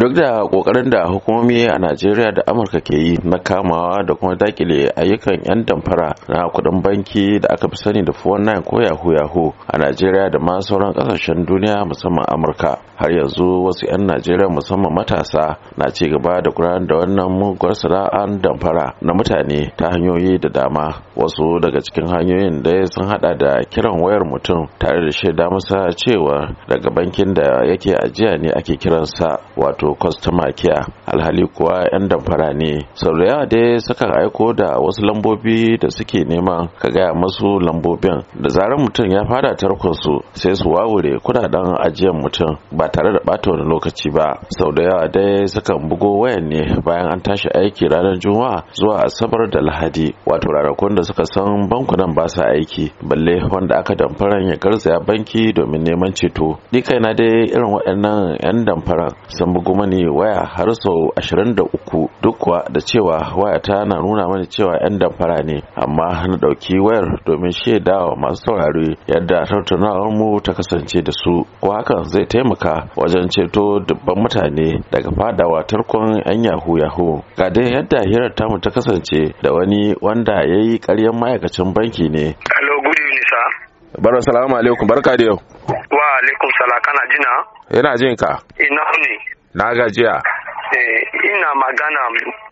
duk da kokarin da hukumomi a najeriya da amurka ke yi na kamawa da kuma dakile ayyukan yan damfara na kudin banki da aka fi sani da 419 ko yahoo yahoo a najeriya da ma sauran kasashen duniya musamman amurka har yanzu wasu 'yan najeriya musamman matasa na ci gaba da gudanar da wannan muguwar sana'ar damfara na mutane ta hanyoyi da dama wasu daga cikin hanyoyin da sun hada da kiran wayar mutum tare da shaida masa cewa daga bankin da yake ajiya ne ake kiransa wato wato customer care alhali kuwa 'yan damfara ne sau da yawa dai sukan aiko da wasu lambobi da suke neman ka gaya masu lambobin da zarar mutum ya fara su sai su wawure kudaden ajiyar mutum ba tare da bata wani lokaci ba sau da yawa dai sukan bugo wayan ne bayan an tashi aiki ranar juma'a zuwa asabar da lahadi wato ranakun da suka san bankunan ba sa aiki balle wanda aka damfara ya garzaya banki domin neman ceto ni kaina dai irin waɗannan 'yan damfaran sun bugo mani waya har sau 23 duk kuwa da cewa waya ta na nuna mani cewa 'yan damfara ne amma na ɗauki wayar domin shaidawa masu saurare yadda tattaunawar mu ta kasance da su ko hakan zai taimaka wajen ceto dubban mutane daga fadawa tarkon 'yan yahu yahu ga dai yadda hirar tamu ta kasance da wani wanda ya yi ƙaryan ma'aikacin banki ne. Hello, good evening, sir. Barwa salamu alaikum, barka da yau. Wa alaikum sala kana jina? Yana jin ka. Ina ne. na gajiya ina magana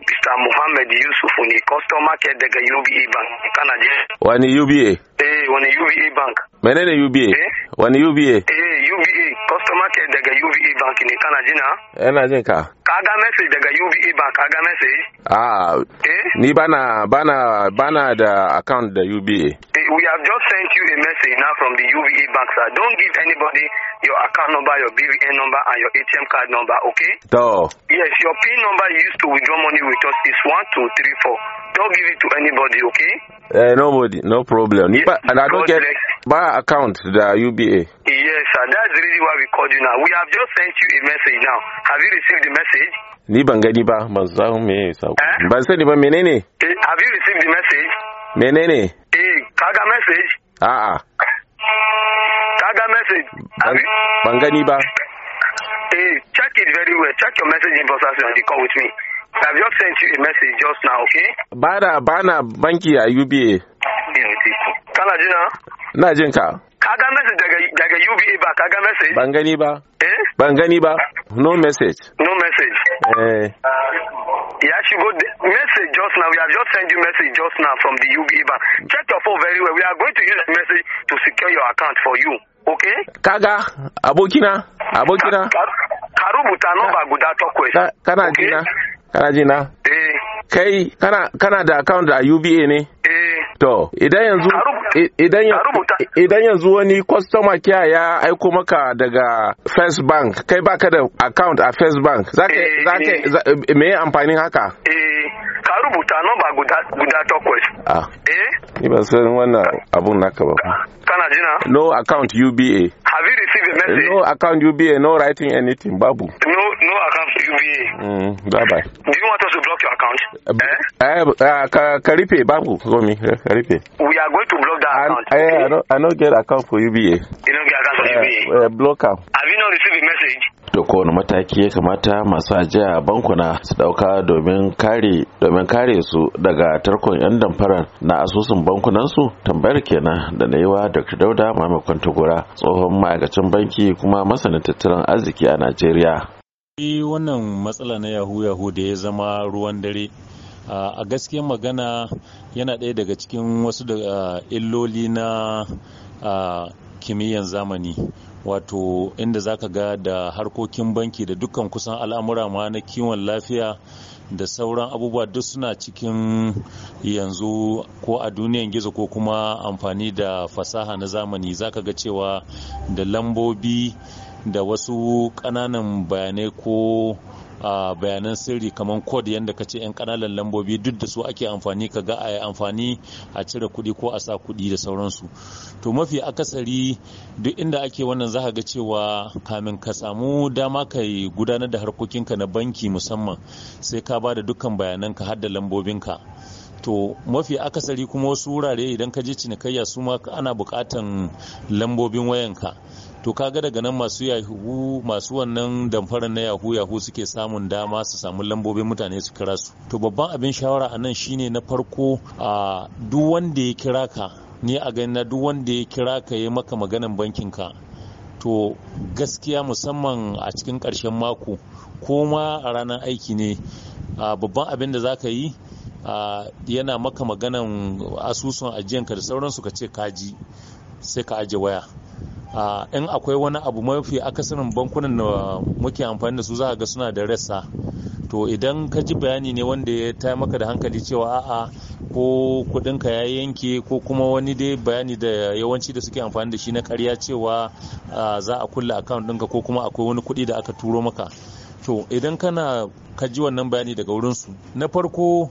Mr. Muhammad Yusuf ni customer care daga UBA Bank kana je wani UBA eh wani UBA Bank menene UBA eh wani UBA eh UBA customer care daga UBA Bank ne kana ji na ina jin ka ka ga message daga UBA Bank ka ga message ah eh ni bana bana bana da account da UBA eh, we have just sent you a message now from the UBA Bank sir don't give anybody your account number, your BVN number, and your ATM card number, okay? Oh. Yes, your PIN number you used to withdraw money with us is 1234. Don't give it to anybody, okay? Uh, nobody, no problem. Yes, and I don't get my account, the UBA. Yes, sir. That's really why we called you now. We have just sent you a message now. Have you received the message? Ni ban ba, ban san me sako. Eh? Ban sani ba menene? Eh, have you received the message? Menene? Eh, kaga message? A'a. message. Ban gani ba. Eh, check it very well. Check your message call with me. I've just sent you a message just now, okay? Bana bana banki a UBA. Kana jina? Na jin ka. Ka ga message daga daga UBA ba ka ga message? Ban gani ba. Eh? Ban gani ba. No message. No message. Eh. Yeah, she message just now. We have just sent you message just now from the UBA bank. Check your phone very well. We are going to use the message to secure your account for you. ok kaga abokina abokina ka rubuta nomba guda takwai kana jina kana jina eh kai kana kana da account a UBA ne eh to idan yanzu idan idan yanzu wani customer kya ya aiko maka daga First Bank kai baka da account a First Bank zaka zaka eh. eh, me amfanin haka eh mota ba guda guda takwas ah eh ni ban san wannan abun naka ba ah, kana jina no account UBA have you received a message no account UBA no writing anything babu no no account UBA mm bye bye do you want us to block your account eh uh, uh, ka, ka rufe babu zomi eh, ka we are going to block that account I, okay? I, don't, I don't get account for UBA you don't get account for uh, UBA uh, block am have you not received a message da kowane mataki ya kamata masu ajiya bankuna su dauka domin kare su daga tarkon yan damfarar na asusun bankunansu tambayar kenan da na yi wa dr dauda mamakon tagora tsohon ma'aikacin banki kuma masanin tattalin arziki a najeriya wannan matsala na yahu yahu da ya zama ruwan dare a gaskiyar magana yana ɗaya daga cikin wasu da illoli na kimiyyar zamani wato inda zaka ga da harkokin banki da dukkan kusan al'amura ma na kiwon lafiya da sauran abubuwa duk suna cikin yanzu ko a duniyan gizo ko kuma amfani da fasaha na zamani zaka ga cewa da lambobi da wasu ƙananan bayanai ko a bayanan sirri kamar kod yadda ka ce 'yan kananan lambobi duk da su ake amfani ka ga a yi amfani a cire kuɗi ko a sa kuɗi da sauransu to mafi akasari duk inda ake wannan za ga cewa kamin ka samu dama ka gudanar da harkokinka na banki musamman sai ka ba da dukkan bayanan ka hada lambobinka to mafi akasari kuma wasu wurare idan ka je cinikayya su ma ana bukatan lambobin wayanka to kaga daga nan masu yahu masu wannan damfarar na yahu yahu suke samun dama su samu lambobin mutane su kira su to babban abin shawara a nan shine na farko a duk wanda ya kira ka ni a gani duk wanda ya kira ka ya maka maganan bankin ka to gaskiya musamman a cikin ƙarshen mako ko ma a ranar aiki ne babban abin da za ka yi yana maka maganan asusun ajiyanka da sauransu ka ce kaji sai ka aje waya in akwai wani abu mafi akasarin bankunan da muke amfani da su za ga suna da rassa to idan ka ji bayani ne wanda ya ta maka da hankali cewa a'a ko kudinka ya yanke ko kuma wani dai bayani da yawanci da suke amfani da shi na karya cewa za a kulle account ɗinka ko kuma akwai wani kuɗi da aka turo maka to idan kana ka ji wannan bayani daga wurinsu na farko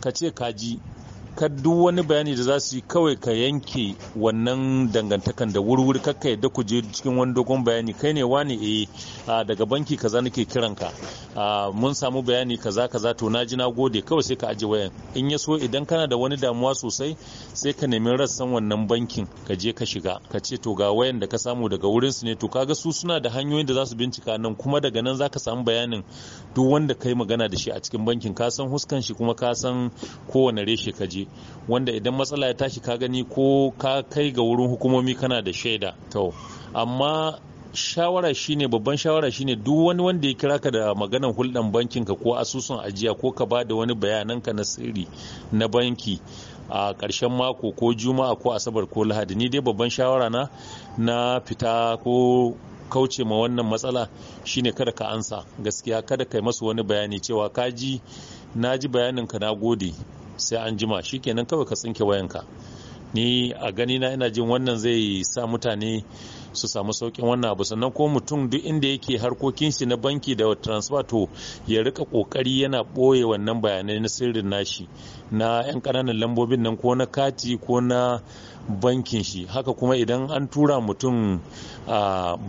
ka ce ka ji ka duk wani bayani da za su yi kawai ka yanke wannan dangantakan da wurwuri kakka yadda ku je cikin wani dogon bayani kai ne wani eh daga banki kaza nake kiranka mun samu bayani kaza kaza to na ji na gode kawai sai ka aje wayan in ya so idan kana da wani damuwa sosai sai ka nemi rassan wannan bankin ka je ka shiga ka ce to ga wayan da ka samu daga wurin su ne to kaga su suna da hanyoyin da za su bincika nan kuma daga nan za ka samu bayanin duk wanda kai magana da shi a cikin bankin ka san huskan shi kuma ka san kowane reshe ka je wanda idan matsala ya tashi ka gani ko ka kai ga wurin hukumomi kana da shaida to amma shawara shine babban shawara shine duk wani wanda ya kira ka da maganan hulɗan ka ko asusun ajiya ko ka ba da wani bayananka na sirri na banki a ƙarshen mako ko juma'a ko asabar ko lahadi ni dai babban shawara na na fita ko kauce ma wannan matsala shine kada ka ansa gaskiya kada kai masu wani bayani cewa ka ji na ji bayaninka na gode sai an jima shikenan kawai ka tsinke wayanka ni a gani na ina jin wannan zai sa mutane su samu saukin wannan abu sannan ko mutum duk inda yake harkokin shi na banki da transfer ya rika kokari yana boye wannan bayanai na sirrin nashi na yan kananan lambobin nan ko na kati ko na bankin shi haka kuma idan an tura mutum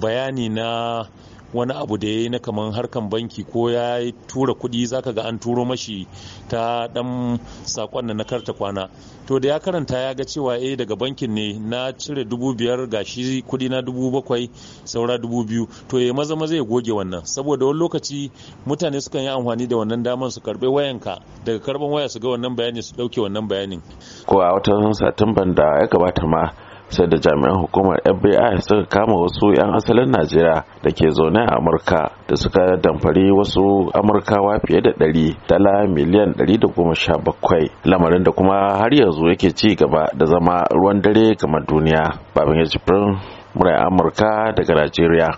bayani na wani abu da ya yi na kamar harkan banki ko ya yi tura kuɗi zaka ga an turo mashi ta ɗan sakon na karta kwana to da ya karanta ya ga cewa eh daga bankin ne na cire dubu biyar ga shi kuɗi na dubu bakwai saura dubu biyu to ya maza maza ya goge wannan saboda wani lokaci mutane sukan yi amfani da wannan daman su karɓi wayanka daga karɓan waya su ga wannan bayani su ɗauke wannan bayanin ko a watan satumban da ya gabata ma sai da jami'an hukumar FBI suka kama wasu 'yan asalin Najeriya da ke zaune a Amurka da suka damfari wasu Amurkawa fiye da ɗari dala miliyan ɗari da goma sha bakwai lamarin da kuma har yanzu yake ci gaba da zama ruwan dare kamar duniya. Babin Yajibirin Murai Amurka daga Najeriya.